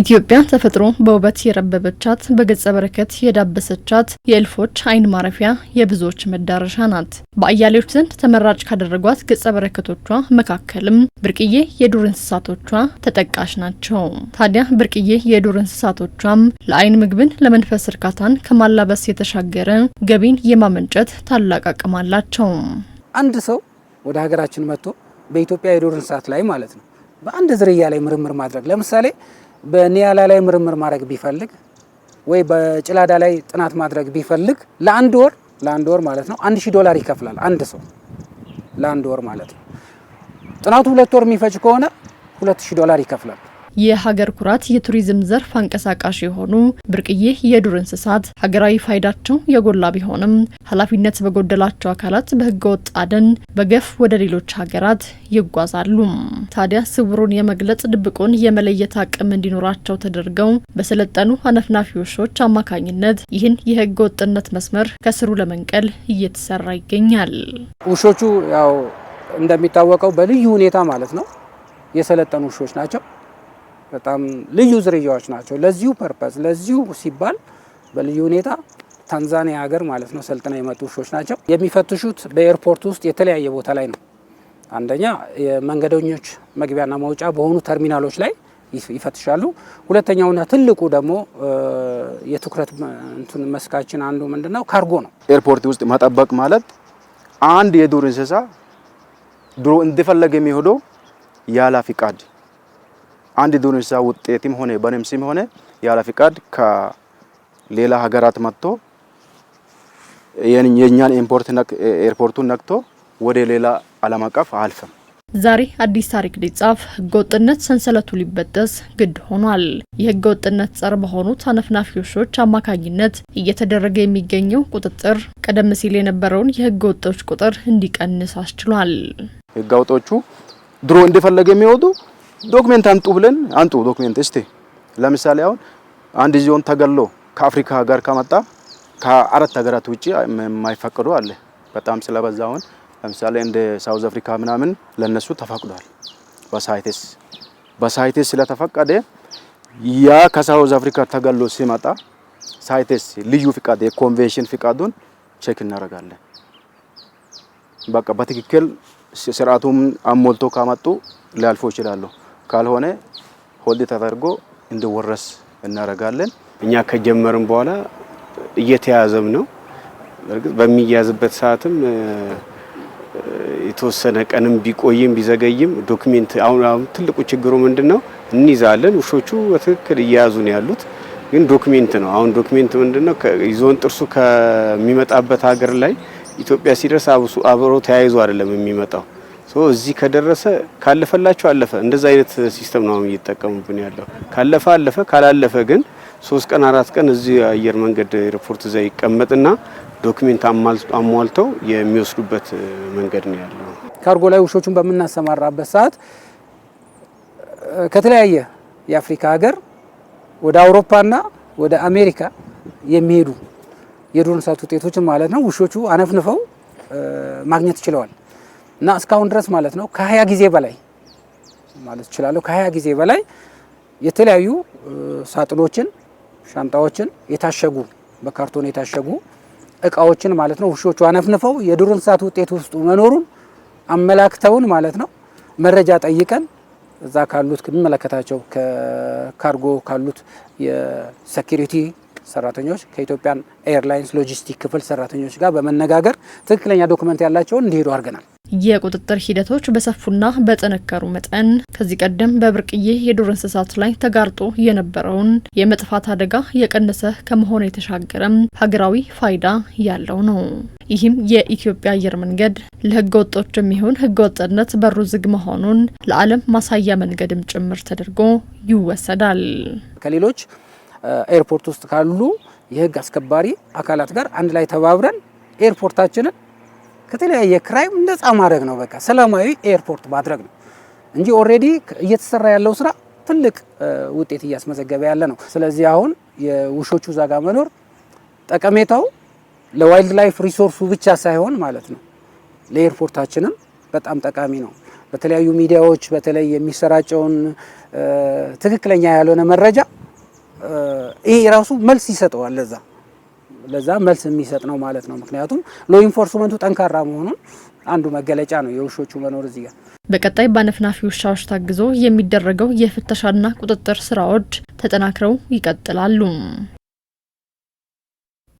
ኢትዮጵያ ተፈጥሮ በውበት የረበበቻት በገጸ በረከት የዳበሰቻት የእልፎች አይን ማረፊያ የብዙዎች መዳረሻ ናት። በአያሌዎች ዘንድ ተመራጭ ካደረጓት ገጸ በረከቶቿ መካከልም ብርቅዬ የዱር እንስሳቶቿ ተጠቃሽ ናቸው። ታዲያ ብርቅዬ የዱር እንስሳቶቿም ለአይን ምግብን፣ ለመንፈስ እርካታን ከማላበስ የተሻገረ ገቢን የማመንጨት ታላቅ አቅም አላቸው። አንድ ሰው ወደ ሀገራችን መጥቶ በኢትዮጵያ የዱር እንስሳት ላይ ማለት ነው በአንድ ዝርያ ላይ ምርምር ማድረግ ለምሳሌ በኒያላ ላይ ምርምር ማድረግ ቢፈልግ ወይ በጭላዳ ላይ ጥናት ማድረግ ቢፈልግ ለአንድ ወር ለአንድ ወር ማለት ነው አንድ ሺህ ዶላር ይከፍላል አንድ ሰው ለአንድ ወር ማለት ነው። ጥናቱ ሁለት ወር የሚፈጅ ከሆነ ሁለት ሺህ ዶላር ይከፍላል። የሀገር ኩራት የቱሪዝም ዘርፍ አንቀሳቃሽ የሆኑ ብርቅዬ የዱር እንስሳት ሀገራዊ ፋይዳቸው የጎላ ቢሆንም ኃላፊነት በጎደላቸው አካላት በህገወጥ አደን በገፍ ወደ ሌሎች ሀገራት ይጓዛሉ። ታዲያ ስውሩን የመግለጽ ድብቁን የመለየት አቅም እንዲኖራቸው ተደርገው በሰለጠኑ አነፍናፊ ውሾች አማካኝነት ይህን የህገ ወጥነት መስመር ከስሩ ለመንቀል እየተሰራ ይገኛል። ውሾቹ ያው እንደሚታወቀው በልዩ ሁኔታ ማለት ነው የሰለጠኑ ውሾች ናቸው። በጣም ልዩ ዝርያዎች ናቸው። ለዚሁ ፐርፐዝ ለዚሁ ሲባል በልዩ ሁኔታ ታንዛኒያ ሀገር ማለት ነው ሰልጥና የመጡ ውሾች ናቸው። የሚፈትሹት በኤርፖርት ውስጥ የተለያየ ቦታ ላይ ነው። አንደኛ የመንገደኞች መግቢያና መውጫ በሆኑ ተርሚናሎች ላይ ይፈትሻሉ። ሁለተኛውና ትልቁ ደግሞ የትኩረት እንትን መስካችን አንዱ ምንድነው ካርጎ ነው። ኤርፖርት ውስጥ መጠበቅ ማለት አንድ የዱር እንስሳ ድሮ እንደፈለገ የሚሄደው ያለ ፍቃድ አንድ ዱንሳ ውጤትም ሆነ በንም ስም ሆነ ያለ ፍቃድ ከሌላ ሀገራት መጥቶ የእኛን ኤርፖርቱን ነክቶ ወደ ሌላ ዓለም አቀፍ አልፈም። ዛሬ አዲስ ታሪክ ሊጻፍ ህገወጥነት ሰንሰለቱ ሊበጠስ ግድ ሆኗል። የህገወጥነት ጸር በሆኑ አነፍናፊዎች አማካኝነት እየተደረገ የሚገኘው ቁጥጥር ቀደም ሲል የነበረውን የህገወጦች ቁጥር እንዲቀንስ አስችሏል። ህገወጦቹ ድሮ እንደፈለገ የሚወጡ ዶክሜንት አንጡ ብለን አንጡ ዶክሜንት። እስቲ ለምሳሌ አሁን አንድ ዚሆን ተገሎ ከአፍሪካ ሀገር ከመጣ ከአራት ሀገራት ውጪ የማይፈቅዱ አለ። በጣም ስለበዛ አሁን ለምሳሌ እንደ ሳውዝ አፍሪካ ምናምን ለነሱ ተፈቅዷል። በሳይቴስ በሳይቴስ ስለተፈቀደ ያ ከሳውዝ አፍሪካ ተገሎ ሲመጣ ሳይቴስ ልዩ ፍቃድ የኮንቬንሽን ፍቃዱን ቼክ እናደርጋለን። በቃ በትክክል ስርዓቱም አሞልቶ ካመጡ ሊያልፎ ይችላሉ። ካልሆነ ሆልድ ተደርጎ እንዲወረስ እናደርጋለን። እኛ ከጀመርን በኋላ እየተያዘም ነው። በእርግጥ በሚያዝበት ሰዓትም የተወሰነ ቀንም ቢቆይም ቢዘገይም ዶክሜንት አሁን አሁን ትልቁ ችግሩ ምንድን ነው? እንይዛለን። ውሾቹ በትክክል እየያዙ ነው ያሉት፣ ግን ዶክሜንት ነው። አሁን ዶክሜንት ምንድን ነው? ይዞን ጥርሱ ከሚመጣበት ሀገር ላይ ኢትዮጵያ ሲደርስ አብሮ ተያይዞ አይደለም የሚመጣው እዚህ ከደረሰ ካለፈላችሁ አለፈ። እንደዛ አይነት ሲስተም ነው እየተጠቀሙብን ያለው። ካለፈ አለፈ፣ ካላለፈ ግን ሶስት ቀን አራት ቀን እዚህ አየር መንገድ ሪፖርት እዚያ ይቀመጥና ዶክሜንት አሟልተው የሚወስዱበት መንገድ ነው ያለው። ካርጎ ላይ ውሾቹን በምናሰማራበት ሰዓት ከተለያየ የአፍሪካ ሀገር ወደ አውሮፓና ወደ አሜሪካ የሚሄዱ የዱር እንስሳት ውጤቶችን ማለት ነው ውሾቹ አነፍንፈው ማግኘት ችለዋል። እና እስካሁን ድረስ ማለት ነው ከሀያ ጊዜ በላይ ማለት እችላለሁ ከሀያ ጊዜ በላይ የተለያዩ ሳጥኖችን፣ ሻንጣዎችን የታሸጉ በካርቶን የታሸጉ እቃዎችን ማለት ነው ውሾቹ አነፍንፈው የዱር እንስሳት ውጤት ውስጡ መኖሩን አመላክተውን ማለት ነው መረጃ ጠይቀን እዛ ካሉት ከሚመለከታቸው ከካርጎ ካሉት የሴኪሪቲ ሰራተኞች ከኢትዮጵያን ኤርላይንስ ሎጂስቲክ ክፍል ሰራተኞች ጋር በመነጋገር ትክክለኛ ዶክመንት ያላቸውን እንዲሄዱ አድርገናል። የቁጥጥር ሂደቶች በሰፉና በጠነከሩ መጠን ከዚህ ቀደም በብርቅዬ የዱር እንስሳት ላይ ተጋርጦ የነበረውን የመጥፋት አደጋ የቀነሰ ከመሆን የተሻገረም ሀገራዊ ፋይዳ ያለው ነው። ይህም የኢትዮጵያ አየር መንገድ ለህገ ወጦች የሚሆን ህገ ወጥነት በሩ ዝግ መሆኑን ለዓለም ማሳያ መንገድም ጭምር ተደርጎ ይወሰዳል። ከሌሎች ኤርፖርት ውስጥ ካሉ የህግ አስከባሪ አካላት ጋር አንድ ላይ ተባብረን ኤርፖርታችንን ከተለያየ ክራይም ነፃ ማድረግ ነው። በቃ ሰላማዊ ኤርፖርት ማድረግ ነው እንጂ ኦልሬዲ እየተሰራ ያለው ስራ ትልቅ ውጤት እያስመዘገበ ያለ ነው። ስለዚህ አሁን የውሾቹ ዛጋ መኖር ጠቀሜታው ለዋይልድ ላይፍ ሪሶርሱ ብቻ ሳይሆን ማለት ነው ለኤርፖርታችንም በጣም ጠቃሚ ነው። በተለያዩ ሚዲያዎች በተለይ የሚሰራጨውን ትክክለኛ ያልሆነ መረጃ ይሄ ራሱ መልስ ይሰጠዋል ለዛ ለዛ መልስ የሚሰጥ ነው ማለት ነው። ምክንያቱም ሎ ኢንፎርስመንቱ ጠንካራ መሆኑን አንዱ መገለጫ ነው የውሾቹ መኖር እዚህ ጋር። በቀጣይ በአነፍናፊ ውሻዎች ታግዞ የሚደረገው የፍተሻና ቁጥጥር ስራዎች ተጠናክረው ይቀጥላሉ።